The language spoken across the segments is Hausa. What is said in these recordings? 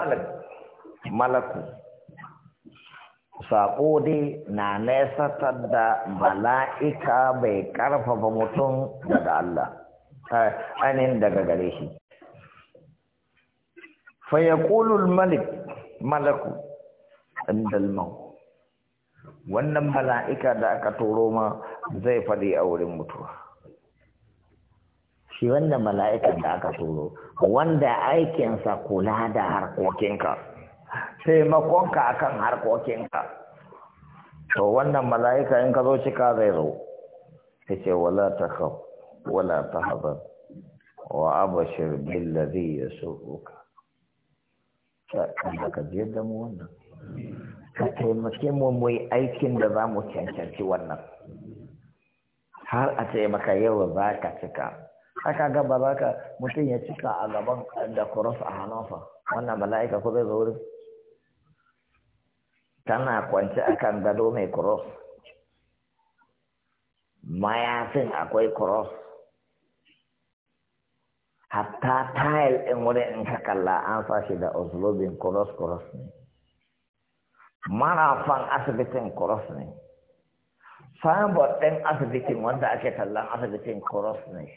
malak malaku saƙo dai na nesatar da mala'ika bai ƙarfafa mutum daga Allah eh, ainihin daga gare shi fayakulul malik malaku indalmau wannan mala'ika da aka turo ma zai faɗi a wurin mutuwa shi wannan mala'ikan da aka turo wanda aikinsa kula da harkokinka taimakonka akan harkokinka to wannan mala'ika in ka zo cika zai zo ta ce wala ta hau wala ta haɓar wa abashir billazi ya soka Allah ka biyar da mu wannan ka taimake mu mu aikin da za mu cancanci wannan har a taimaka yau za ka cika haka ga ba za ka mutum ya cika a gaban da kuros a hannunsa wannan mala'ika ko zai zo tana kwance a kan gado mai kuros mayafin akwai kuros hatta tayil ɗin wurin in ka kalla an shi da oslobin kuros kuros ne marafan asibitin kuros ne signboard ɗin asibitin wanda ake kallon asibitin kuros ne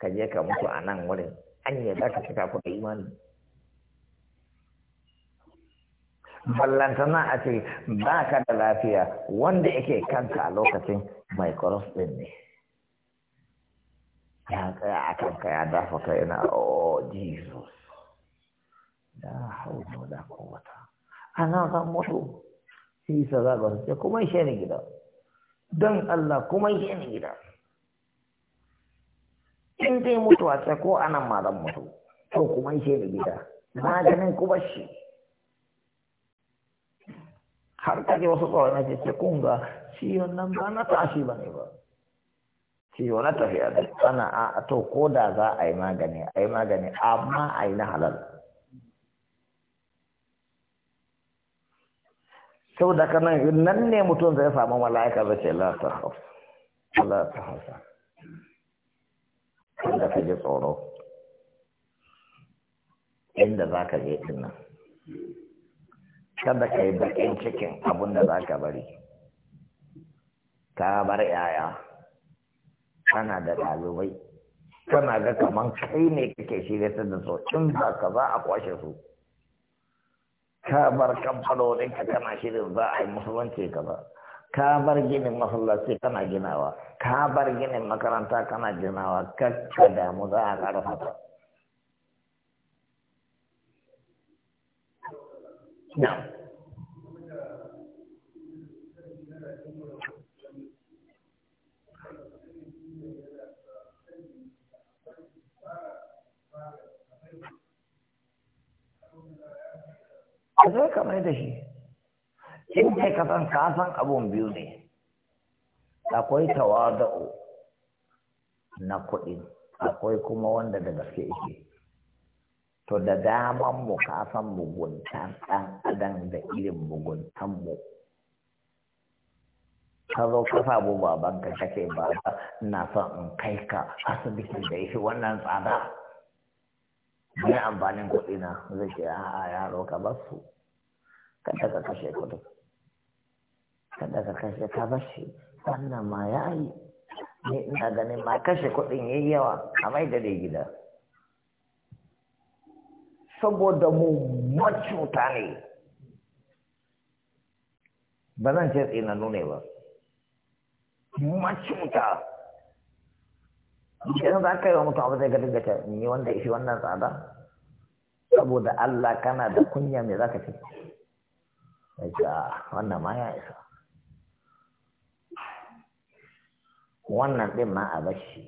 ka je ka mutu a nan wurin an yi za ka cika ku da imani ballantana a ce ba ka da lafiya wanda yake kanka a lokacin micros din ne ya tsaya a kanka ya dafa kai na oh jesus da hau da kowata ana zan mutu shi sa za ga kuma shi ne gida don allah kuma shi ne gida in dai mutuwa ce ko anan ma zan mutu to kuma ishe da gida maganin kuma shi. har ka ji wasu tsoron ake ce kun ga ciwon nan ba na tashi ba ne ba ciwo na tafiya da ana a to ko da za a yi magani a yi magani amma a yi na halal sau da kanan nan ne mutum zai samu mala'ika zai ce la ta hausa la ta hausa inda ka ji tsoro inda za ka je tunan, kada ka yi bakin cikin abin da za ka bari ka bar yaya kana da ɗalibai kana ga kaman kai ne kake shirya ta da so ba ka za a kwashe su ka bar kamfanonin ka kana shirin za a yi musulunci ka ba ka bar ginin masallaci kana ginawa ka bar ginin makaranta kana ginawa kakka damu za a ƙarfa ta kamar da shi in kai ka san ka san abun biyu ne akwai tawada'u na kuɗi akwai kuma wanda da gaske yake to da daman mu ka san muguntan ɗan adam da irin muguntan mu ka zo ka bu baban ka kake ba na son in kai ka asibiti da yake wannan tsada mai amfanin kuɗi na zai ce a yaro ka basu kada ka kashe kuɗi kada ka kashe ka bashi wannan ma ya yi ne ina ganin ma kashe kuɗin yi yawa a mai da gida saboda mu macuta ne ba zan ce tsina nune ba macuta idan za ka yi wa mutum abu zai ga dinga ni wanda ishi wannan tsada saboda Allah kana da kunya me za ka ce ah, wannan ma ya isa wannan ɗin ma a bashi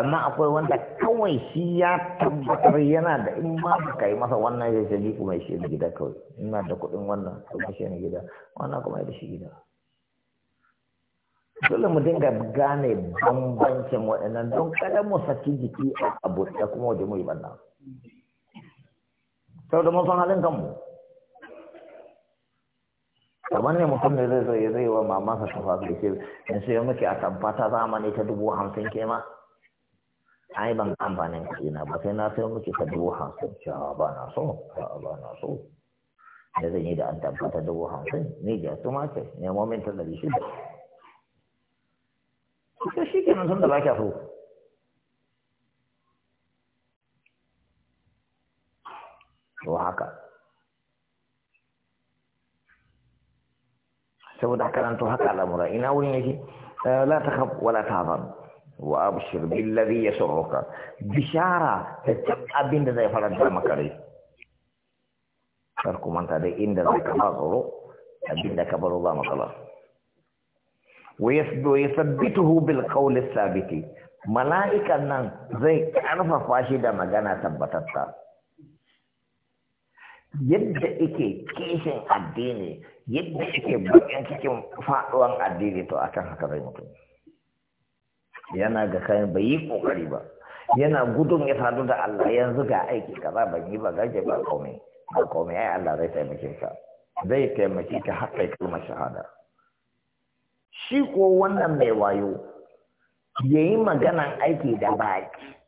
amma akwai wanda kawai shi ya tabbatar yana da in ma ba ka yi masa wannan ya ce ji kuma shi gida kawai ina da kuɗin wannan kuma shi gida wannan kuma da shi gida dole mu dinga gane bambancin waɗannan don kada mu saki jiki a abu da kuma waje mu yi banna sau da mun san halin kanmu kamar ne mutum ne zai zai zai oh, wa mamansa shafa da ke in sai ya muke a tamfa ta zamani ta dubu hamsin ke ma ai ban amfanin kuɗi na ba sai na sai muke ta dubu hamsin a ba na so ba na so Ne zan yi da an tamfa ta dubu hamsin ni ga su ma ce ne momin ta dari shida kusa shi nan sun da ba kya so to haka saboda haka nan to haka al'amura ina wurin yake la takhaf wala tahzan wa abshir billazi yasurruka bishara ta duk abin da zai faranta maka rai kar ku manta da inda zai ka tsoro abin da ka baro ba matsala wa yasdu yathabbituhu bil qawl as-sabiti mala'ikan nan zai karfafa shi da magana tabbatatta yadda ike kishin addini yadda ike bakin cikin faduwan addini to akan haka zai mutum yana ga kayan bai yi kokari ba yana gudun ya sadu da Allah yanzu ga aiki kaza ban yi ba gaje ba komai ba komai ai Allah zai taimake ka zai taimake ka har kai kalmar shahada shi ko wannan mai wayo yayi maganan aiki da baki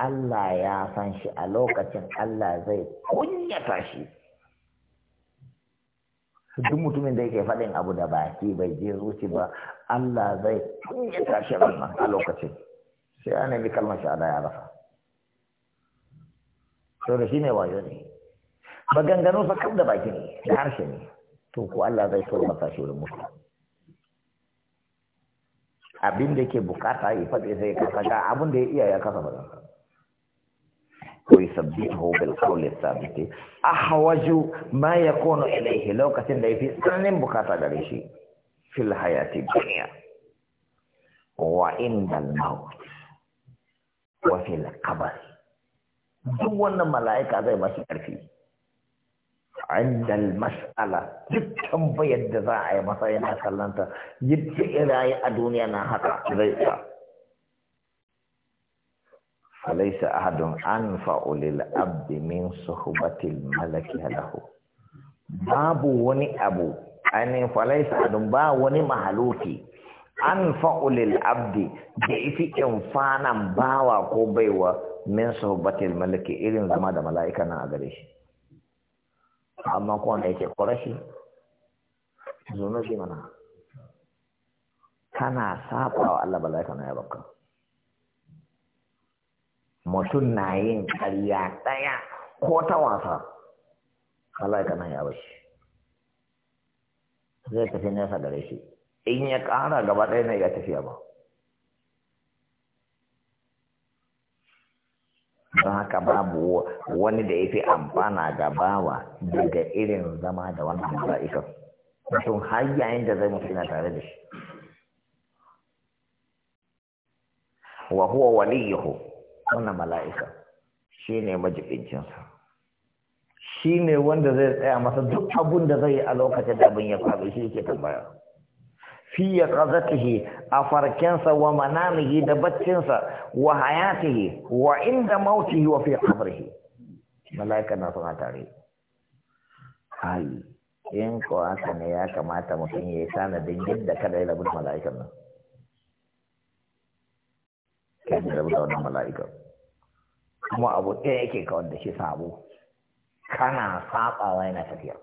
Allah ya san shi a lokacin Allah zai kunyata shi duk mutumin da yake faɗin abu da baki bai je zuci ba Allah zai kunyata shi ranar a lokacin sai ana bi kalmar shahada ya rasa Sau da shi ne wayo ne ba ganganu fa kam da baki ne da harshe ne to ko Allah zai so masa shi wurin mutu abin da ke bukata ya faɗi sai ka saka abin da ya iya ya kasa ba ويثبته بالقول الثابت أحوج ما يكون إليه لو كتن في سنن بكاتا غريشي في الحياة الدنيا وعند الموت وفي القبر دون ملائكة زي ما شكر عند المسألة جدا بيد ذاعي مثلا ينا كلانتا جدا إلهي الدنيا نهتا زي falaisa ahadun an fa’ulil abdi min suhubatil malaki halahu babu wani abu ainihin falaisa ahadun ba wani mahaluki an fa’ulil abdi da isi infanan bawa ko baiwa min suhubatil malaki irin zama da mala’ika nan a gare shi amma kuwa da yake ƙorashi zunubi mana kana saɓa wa Allah ba la'ika na ya bakka mutum na yin karya ɗaya ko ta wasa Allah ka nan ya bashi zai tafi nesa da rashi in ya ƙara gaba ɗaya na ya tafiya ba don haka babu wani da ya fi amfana ga bawa daga irin zama da wannan mala'ikan mutum har yayin da zai mutu tare da shi wa huwa waliyuhu wannan mala'ika shi ne majibincinsa shi ne wanda zai tsaya masa duk abun da zai yi a lokacin da abin ya faru shi ke tambaya fi ya a farkensa wa manamihi da baccinsa wa hayatihi wa inda mautihi wa fi mala'ika na suna tare ai in ko ne ya kamata mutum ya yi tanadin yadda kada ya rabu da mala'ikan nan kai da rabu da wannan mala'ikan kuma abu ɗaya yake kawar da shi sabo kana saɓawa yana tafiya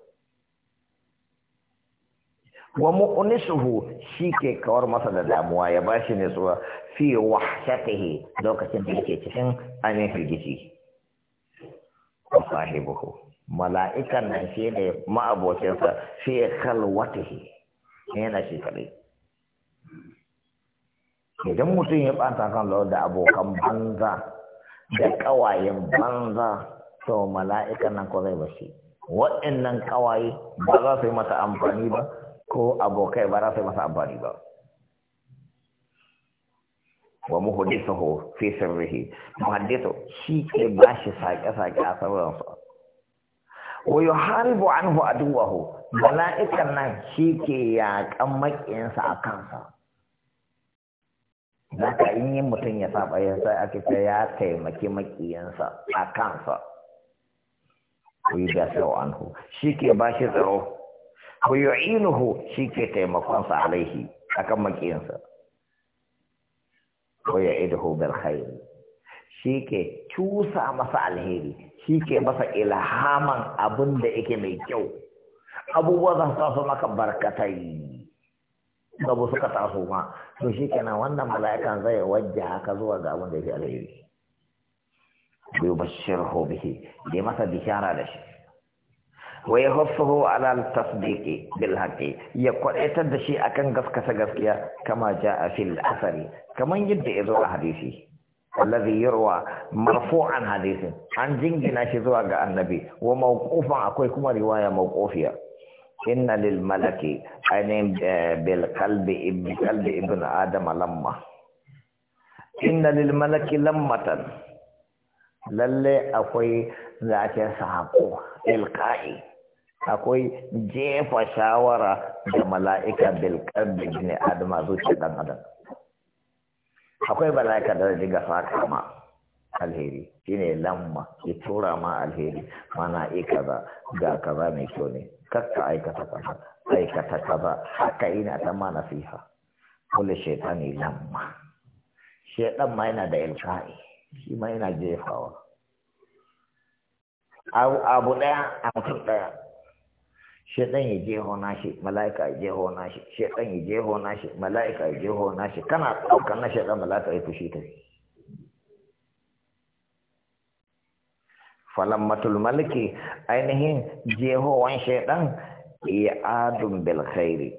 wa mu'nisuhu shi ke kawar masa da damuwa ya ba shi nutsuwa fi wahshatihi lokacin da yake cikin amin firgici wa sahibuhu mala'ikan nan shi ne ma'abokinsa fi khalwatihi yana shi kadai idan mutum ya ɓata kan da abokan banza da kawayen banza to mala'ika nan ko zai bashi waɗannan kawaye ba za su yi masa amfani ba ko abokai ba za su yi masa amfani ba wa muhaddisahu fi sirrihi muhaddisu shi ke bashi sake-sake a sabonsa wa yuharibu anhu aduwahu mala'ikan nan shi ke yaƙan makiyansa a kansa za ka yi yin mutum ya saba ya sai ake ce ya taimaki makiyansa a kansa ku yi gasar anhu shi ke ba shi tsaro ku yi inuhu shi ke taimakonsa alaihi a kan makiyansa ku yi iduhu bil khairi shi ke cusa masa alheri shi ke masa ilhaman abin da yake mai kyau abubuwa za su maka barkatai bu suka taso ma to shi kenan wannan mala'ikan zai wajja haka zuwa ga abin da yake alheri bai bashir bihi da masa bishara da shi wa ya haffahu ala tasdiqi bil haqqi ya kwadaitar da shi akan gaskata gaskiya kama jaa fil asari kaman yadda yazo a hadisi alladhi yurwa marfu'an hadisin an jingina shi zuwa ga annabi wa mawqufan akwai kuma riwaya mawqufiya inna lil malaki ainihin eh, bil kalbi ibn kalbi ibn adam lamma inna lil malaki lammatan lalle akwai zaken sako ilka'i akwai jefa shawara da mala'ika bil kalbi ibn adam zuci dan adam akwai mala'ika da riga saka ma alheri shine lamma ya tura ma alheri mana e kaza ga kaza mai kyau ne kakka aikata kaza aikata kaza haka ina ta ma nasiha kullu shaytani lamma shaytan ma yana da ilka'i shi ma yana jefawa abu daya a mutum daya shaytan ya jeho nashi mala'ika ya jeho nashi shaytan ya jeho nashi mala'ika ya jeho nashi kana daukar na shaytan mala'ika ya fushi ta shi matul maliki ainihin jehowan shaidan i'adun bil khairi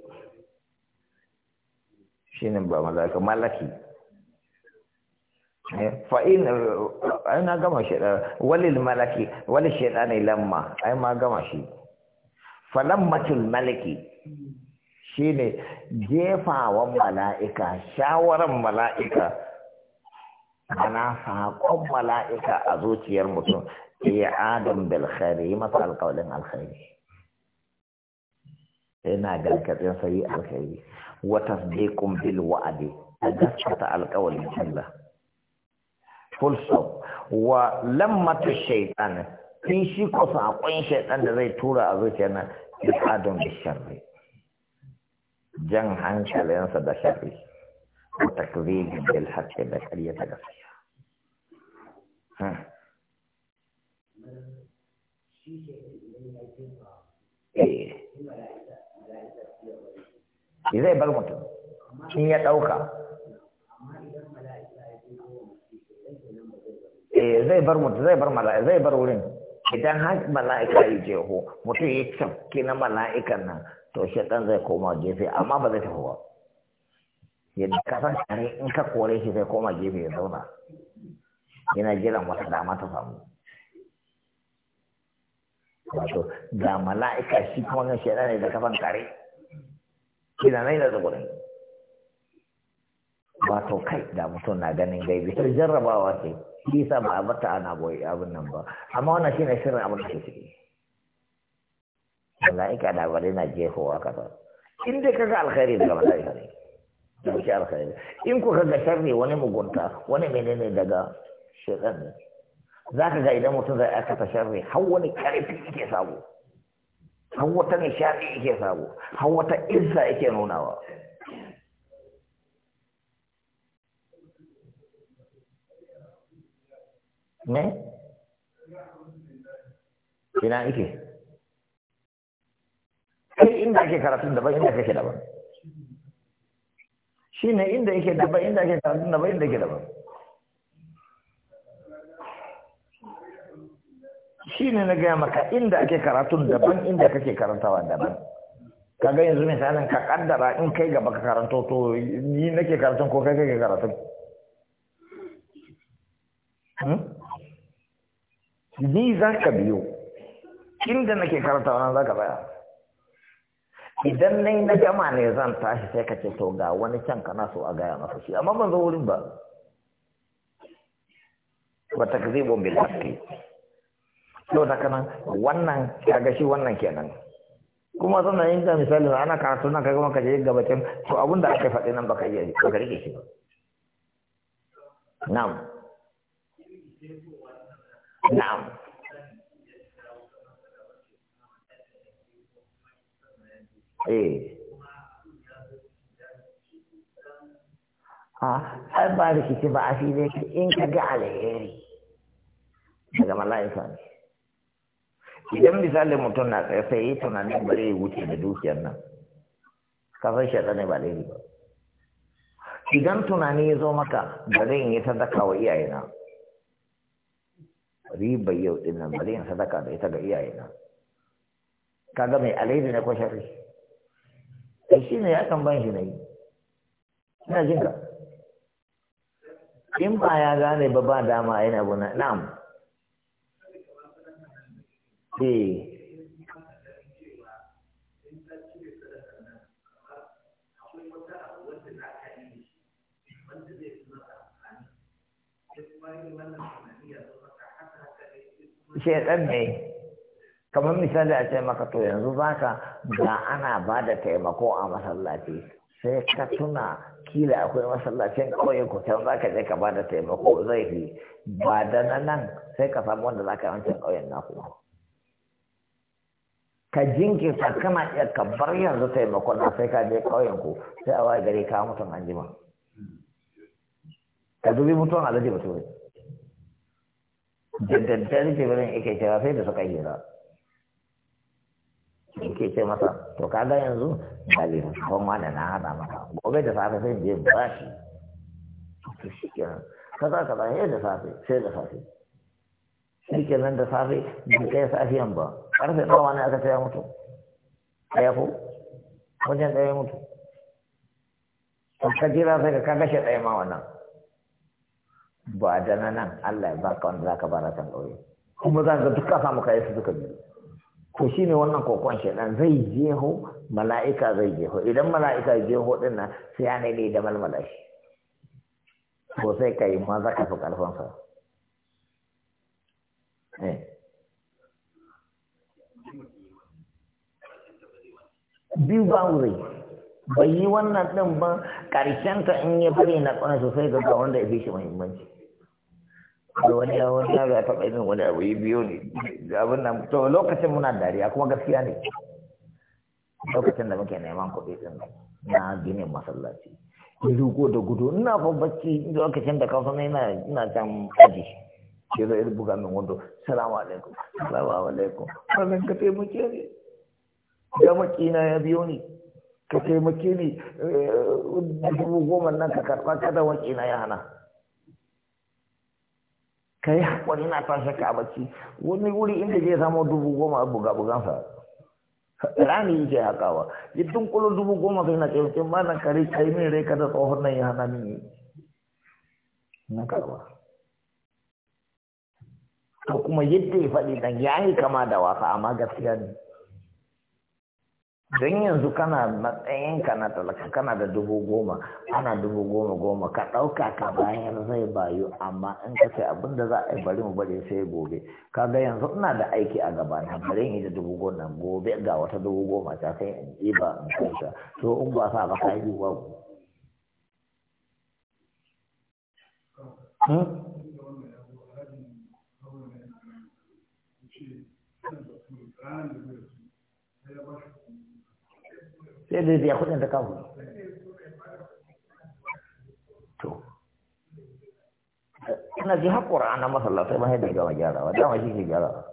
shine ba malaka malaki eh, fa in ana gama shi walil malaki walil shaitani lamma ai ma gama shi falammatul maliki shine jefawan mala'ika shawaran mala'ika ana saƙon mala'ika a zuciyar mutum إعادة بالخير يمسع قولنا الخير هنا قال كثير سيء الخير وتصديق بالوعد أجسكت القول جل فلسو ولمة الشيطان في شيء قصة أقوين شيطان زي تورا أزوكينا إعادة بالشر jan hankalinsa da sharri ko bil haqqi da ta gaskiya Eh. Zai bar mutum. In ya ɗauka. Eh zai bar mutum zai bar mala'ika zai bar wurin. Idan har mala'ika yi jeho mutum ya cafke na mala'ikan nan to shi ɗan zai koma gefe amma ba zai tafi ba. Yadda ka san in ka kore shi zai koma gefe ya zauna. Yana jiran wata dama ta samu. wato ga mala'ika shi kuma wannan shaida ne da kafan kare kina nan da tsakurin wato kai da mutum na ganin gaibi sai jarrabawa ce shi sa ba a bata ana boye abin nan ba amma wannan shine shirin abin da ke ciki mala'ika da bare na jefowa kaza in dai kaga alkhairi daga mala'ika ne da shi alkhairi in ku ga sharri wani mugunta wani menene daga shaitan ne za ka ga idan mutum zai aikata sharri har wani karfi yake sabo har wata nishaɗi yake sabo har wata izza yake nunawa ne ina ike kai inda ake karatun daban inda kake daban shi ne inda yake daban inda ake karatun daban inda yake daban shi ne na gaya maka inda ake karatun daban inda kake karantawa daban kaga yanzu misalin ka kaddara in kai gaba ka karanto to ni nake karatun ko kai kake karatun hmm? ni za ka biyo inda nake karantawa nan za ka baya idan yi na gama ne zan tashi sai ka ce to ga wani can kana so a gaya masa shi amma ban zo wurin ba ka zai bombe haqqi sau da kanan wannan kaga shi wannan kenan kuma zana yin da misali ana karatu na kaga maka je gabacin to abin da aka faɗi nan baka iya yi baka rike shi ba na'am na'am eh Ha? ai ba rikici ba a fi in ka ga alheri daga mala'ika ne idan misali mutum na tsaye sai yi tunanin bare ya wuce da dukiyar nan kafin shi ne ba daidai ba idan tunani ya zo maka ba zai yi sadaka wa iyaye na. riba yau din nan zai yi sadaka da ita ga iyaye na. kaga mai alheri na ko sai shi ne ya kan ban shi na yi. ina jin ka in ba ya gane ba ba dama yana abu na na'am eh hmm. shaidan ne kamar misali a ce maka to yanzu baka da ana bada taimako a masallaci sai ka tuna kila akwai masallacin kauye ku can za ka je ka bada taimako zai fi ba da nan sai ka samu wanda za ka yi wancan ƙauyen naku ka jinkirta kana iya ka bar yanzu taimakon na sai ka je ƙauyen ku sai a waye gare ka mutum an jima ka dubi mutuwan alaji ba turai jaddadar jibirin ke cewa sai da suka hira ke ce masa to ka ga yanzu ba ma da na hada maka gobe da safe sai je ba shi to shi kenan kaza kaza sai da safe sai da safe shike ke nan da safe da kai safiyan ba karfe nawa ne aka tsaya mutu ɗaya ko wajen ɗaya mutu ka jira sai ka kashe ɗaya ma wannan ba da nan Allah ya baka wanda zaka bara kan ɗauye kuma za ka duka samu kai su duka biyu Ko shine wannan kokon shedan zai jeho mala'ika zai jeho idan mala'ika jeho din nan sai ya ne da malmala shi ko sai kai ma zaka ka fi karfin sa Eh. biyu ba zai bai yi wannan ɗin ba ta in ya bari na ƙwana sosai ga wanda ya fi shi muhimmanci da wani yawon wani ya ga taɓa yi wani abu yi biyu ne abin da to lokacin muna dariya kuma gaskiya ne lokacin da muke neman kuɗi ɗin na gini masallaci ya rugo da gudu ina fa bacci lokacin da kafa na ina can aji ke zai buga min wando salamu alaikum salamu alaikum wannan ka taimake ni ga makina ya biyo ni ka taimake ni eh, dubu goma nan ka karɓa kada makina ya hana ka yi haƙuri na tashi ka bacci wani wuri inda zai samu dubu goma buga bugansa rani yake haƙawa ya dunkulo dubu goma kai na taimake ma nan kare kai ni rai kada tsohon nan ya hana ni? na karɓa to kuma yadda ya faɗi dan ya yi kama da wasa amma gaskiya ne don yanzu kana ka na talaka kana da dubu goma ana dubu goma goma ka ɗauka ka bayar zai bayu amma in ka sai abin da za a yi bari mu bari sai gobe kaga yanzu ina da aiki a gaba na bari in yi da dubu goma gobe ga wata dubu goma ta sai in yi ba in kusa, to in ba sa ba ka yi hmm? sai da ya kudin da kawo to ina ji haƙura ana nan masallatai ba sai da gama gyarawa dama shi ke gyarawa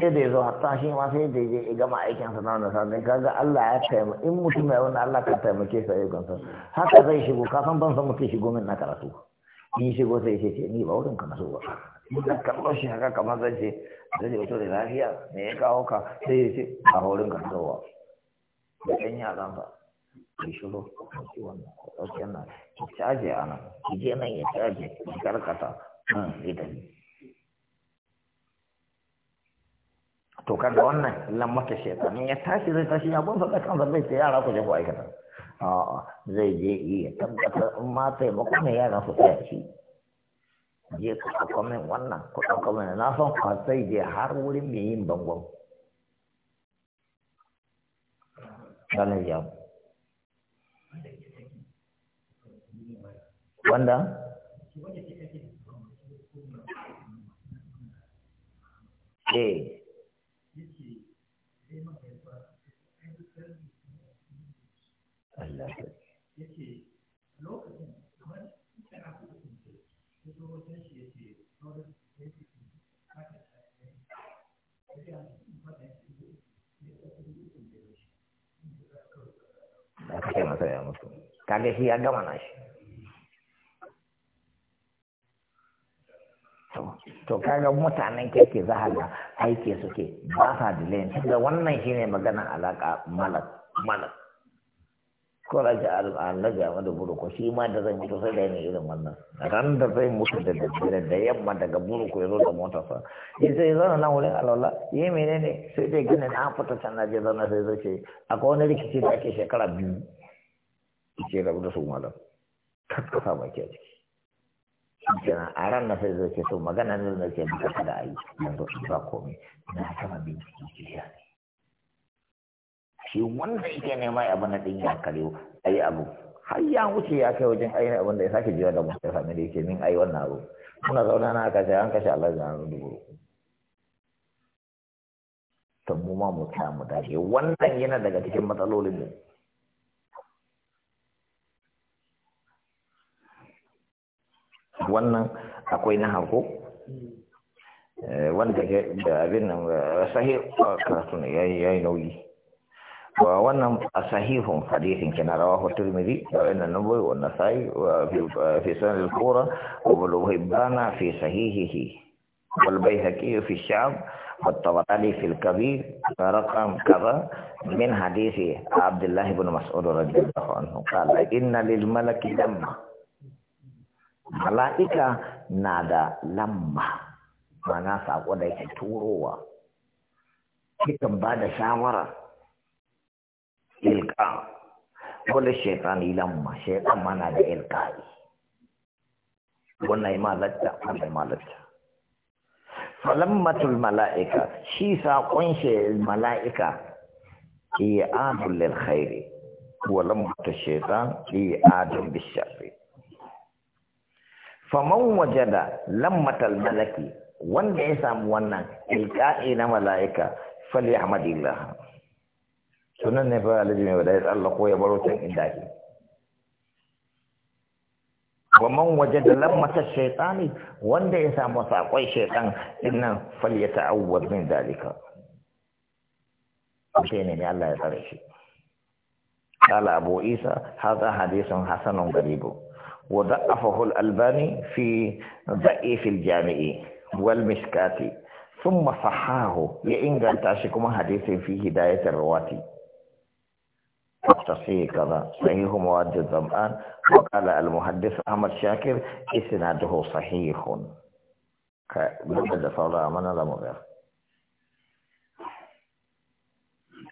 sai da ya zo hatta shi ma sai da ya gama aikin sa nan da sanin kaga Allah ya taimaka in mutum mai wani Allah ka taimake sa yi sa haka zai shigo ka san ban san mutum shigo min na karatu in shigo sai ce ni ba wurin kamar na so ba shi haka kamar zai ce zai wato da lafiya ne ya kawo ka sai ya ce a horin gantowa da ɗan yaran ba ya shiro ɗauki wannan ɗauki wannan ya caje a nan ya nan ya caje ya karkata nan ya to kaga wannan mata shekaru ya tashi zai tashi ya bunsa da zan zai ta yara ku je ku aikata a'a zai je iya tabbatar in ma taimako ne yara su tashi shi je ku ɗauka min wannan ku ɗauka min na san kwasai je har wurin mai yin bangon ranar yau wanda eh Allah ya kashe masa ya mutu kaga shi ya gama na shi to kaga mutanen kirki za a ga aiki suke ba sa dilayin tunda wannan shine maganan alaka malak malak ko raja annabi amma da buruko shi ma da zai mutu sai da yanayi irin wannan ran da zai mutu da daddare da yamma daga buruko ya zo da motarsa ya sai zana nan wurin alwala ya ne sai dai gina na fita can na je zana sai zai ce akwai wani rikici da ake shekara biyu ke rabu da su malam kaskasa ba ke ciki kenan a ran na sai zai ce to magana ne da ke bisa da a yanzu ba komai na sama bincike kiriya ne shi wanda yake nema abu na ɗin ya kare a yi abu har ya wuce ya kai wajen ainihin abin da ya sake jira da mutum sami da yake min a wannan abu muna zaune na aka ce an kashe Allah da hannu dubu mu ma mu ta mu dace wannan yana daga cikin matsalolin mu wannan akwai na hako wanda da abin sahih karatu ne yayi nauyi wa wannan sahihun hadisin kana rawahu tirmidhi wa inna nabawi wa nasai wa fi sunan al-qura wa ibn hibban fi sahihihi wal baihaqi fi syab wa tabarani fi al-kabir raqam kaza min hadisi abdullah ibn mas'ud radhiyallahu anhu qala inna lil malaki damma mala'ika na da lamma mana saƙo da yake turowa yakan ba da shawara ilka wanda shekani lamma shekan mana da ilkari wannan malatta wannan malatta falammatul mala'ika shi saƙon shi mala'ika iya adul lil khairi wa lamma shaytan iya adul bisharri faman wajada lammatal malaki wanda ya samu wannan ilka'i na mala'ika fali ahmadillah sunan ne fa alaji mai wadai Allah ko ya baro can inda ke waman wajada lammata shaytani wanda ya samu sakwai shaytan innan fali ta'awwad min dalika shi ne Allah ya tsare shi قال أبو Isa هذا حديث حسن غريب وضعفه الألباني في ضعيف الجامع والمشكات ثم صحاه لإنجل تعشكم حديث في هداية الرواتي تصحيح كذا صحيح مواد الظمآن وقال المحدث أحمد شاكر إسناده صحيح كبدا صلى الله عليه وسلم